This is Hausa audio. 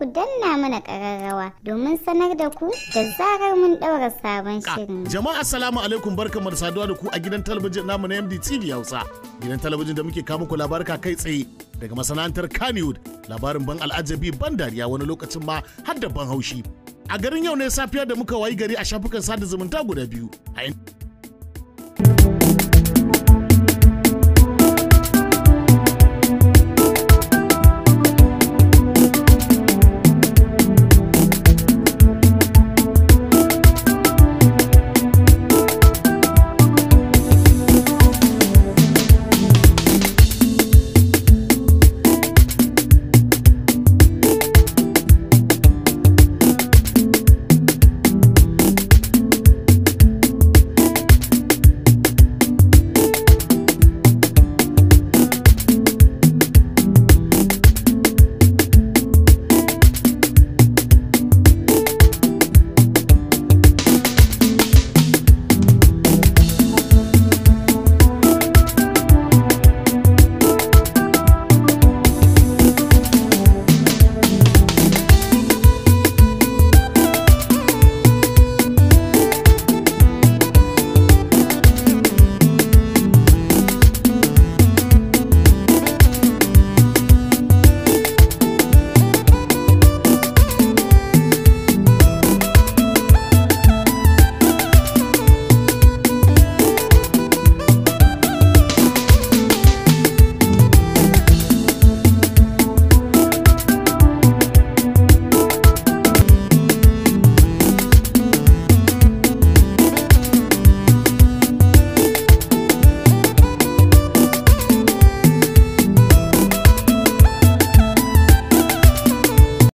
ku danna mana ƙararrawa domin sanar da ku da zarar mun daura sabon shirin. Jama'a assalamu alaikum barkamu da saduwa da ku a gidan talabijin namu na MDTV Hausa. Gidan talabijin da muke kawo muku labarka kai tsaye daga masana'antar Kannywood labarin ban al'ajabi ban dariya wani lokacin ma har da ban haushi. A garin yau ne safiya da muka wayi gari a shafukan sada zumunta guda biyu.